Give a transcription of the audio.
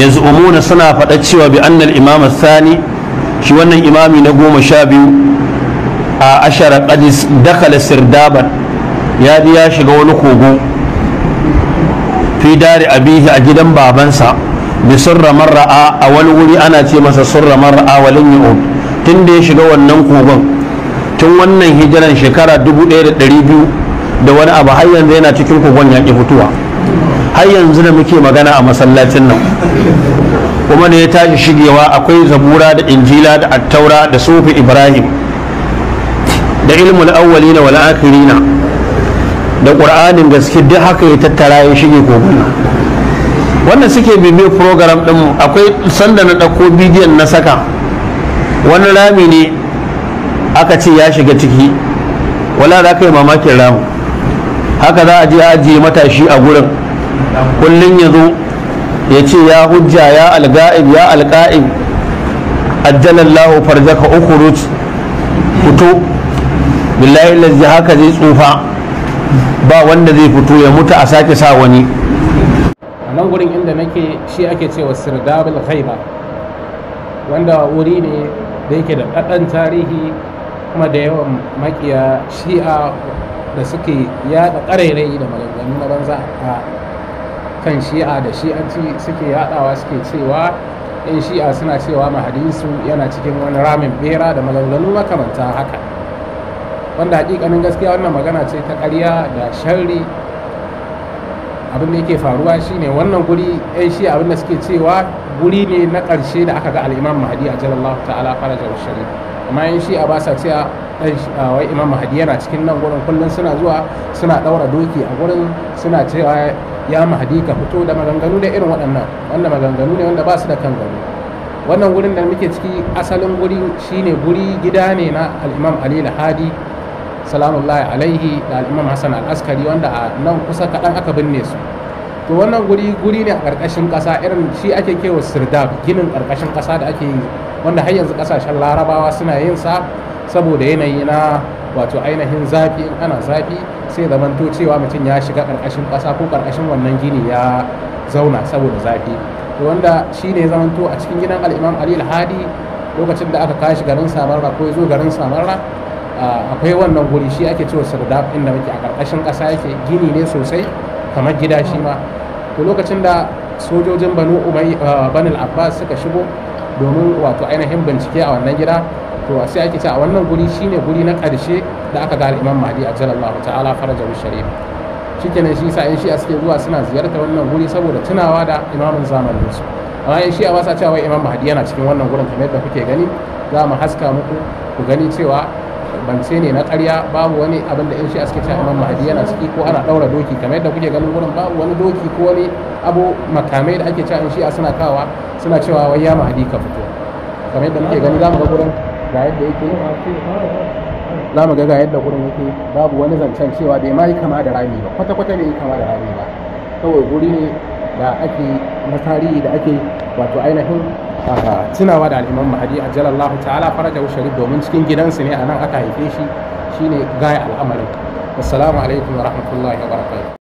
yanzu umuna suna faɗa cewa bi annal imam Sani shi wannan imami na goma sha biyu a ashara qadis dakala sirdaban ya ji ya shiga wani kogo fi dari abihi a gidan babansa bi surra marra'a a wani wuri ana ce masa surra marra'a walin yu'ud tun da ya shiga wannan kogon tun wannan hijiran shekara da 1200 da wani abu har yanzu yana cikin kogon yaƙi fituwa har yanzu da muke magana a masallacin nan kuma ne ya tashi shigewa akwai zabura da injila da attaura da sufi ibrahim da ilmul awwalina wal akhirina da qur'anin gaske duk haka ya tattara ya shige kogon wannan suke bibiyo program din akwai sanda na dauko bidiyon na saka wani rami ne aka ce ya shiga ciki wala da aka yi mamakin ramu haka za a je ajiye matashi a gurin kullum ya zo ya ce ya hujja ya alga'ib ya alka'ib ajjalallahu farjaka fito billahi lazzi haka zai tsufa ba wanda zai fito ya mutu a sake sa wani a nan gurin inda nake shi ake cewa sirdabul khaiba wanda wuri ne da yake da ɗaɗɗan tarihi kuma da yawan makiya shi'a da suke yada ƙarairai da maganganu na banza a kan shi'a da shi'anci suke yadawa suke cewa yan shi'a suna cewa mahadisu yana cikin wani ramin bera da maganganu makamanta haka wanda hakikanin gaskiya wannan magana ce ta ƙarya da sharri abin da yake faruwa shine wannan guri yan shi'a abin da suke cewa guri ne na ƙarshe da aka ga al'imam mahadi a jalallahu ta'ala faraja wa shari amma yin shi a ba sa cewa wai imam mahadi yana cikin nan gurin kullum suna zuwa suna ɗaura doki a gurin suna cewa ya mahadi ka fito da maganganu da irin waɗannan wanda maganganu ne wanda ba su da kan gano wannan gurin da muke ciki asalin guri shine guri gida ne na al'imam ali lahadi salamullahi alaihi da al'imam hassan al-askari wanda a nan kusa kaɗan aka binne su to wannan guri guri ne a ƙarƙashin ƙasa irin shi ake kewa sirdab ginin ƙarƙashin ƙasa da ake yi wanda har yanzu ƙasashen larabawa suna yin sa saboda yanayi na wato ainihin zafi in ana zafi sai zamanto cewa mutum ya shiga ƙarƙashin ƙasa ko ƙarƙashin wannan gini ya zauna saboda zafi to wanda shi ne zamanto a cikin gidan al'imam ali alhadi lokacin da aka kashi garin samarra ko ya zo garin samarra akwai wannan guri shi ake cewa sirdab inda muke a ƙarƙashin ƙasa yake gini ne sosai kamar gida shi ma to lokacin da sojojin banu eh, banil abbas suka shigo domin wato ainihin bincike a wannan gida to sai ake ce a wannan guri shine guri na ƙarshe da aka gara imam mahdi ajalallahu ta'ala farajahu sharif shikenan shi sa shi a suke zuwa suna ziyartar wannan guri saboda tunawa da imamin zamanin su amma yan shi'a a wasa cewa imam mahdi yana cikin wannan gurin kamar yadda kuke gani za mu haska muku ku gani cewa bance ne na ƙarya babu wani abin da in shi aske cewa imam mahadi yana ciki ko ana ɗaura doki kamar yadda kuke ganin wurin babu wani doki ko wani abu makamai da ake cewa in shi suna kawa suna cewa wai ya mahadi ka fito kamar yadda muke gani zamu ga gurin ga yadda yake za mu ga ga yadda gurin yake babu wani zancen cewa bai ma yi kama da rami ba kwata-kwata bai yi kama da rami ba kawai guri ne da ake na tarihi da ake wato ainihin tunawa da al'imam mahadi jalallahu ta'ala farajahu sharif domin cikin gidansu ne anan aka haife shi shine gaya al'amarin assalamu alaikum wa rahmatullahi wa barakatuh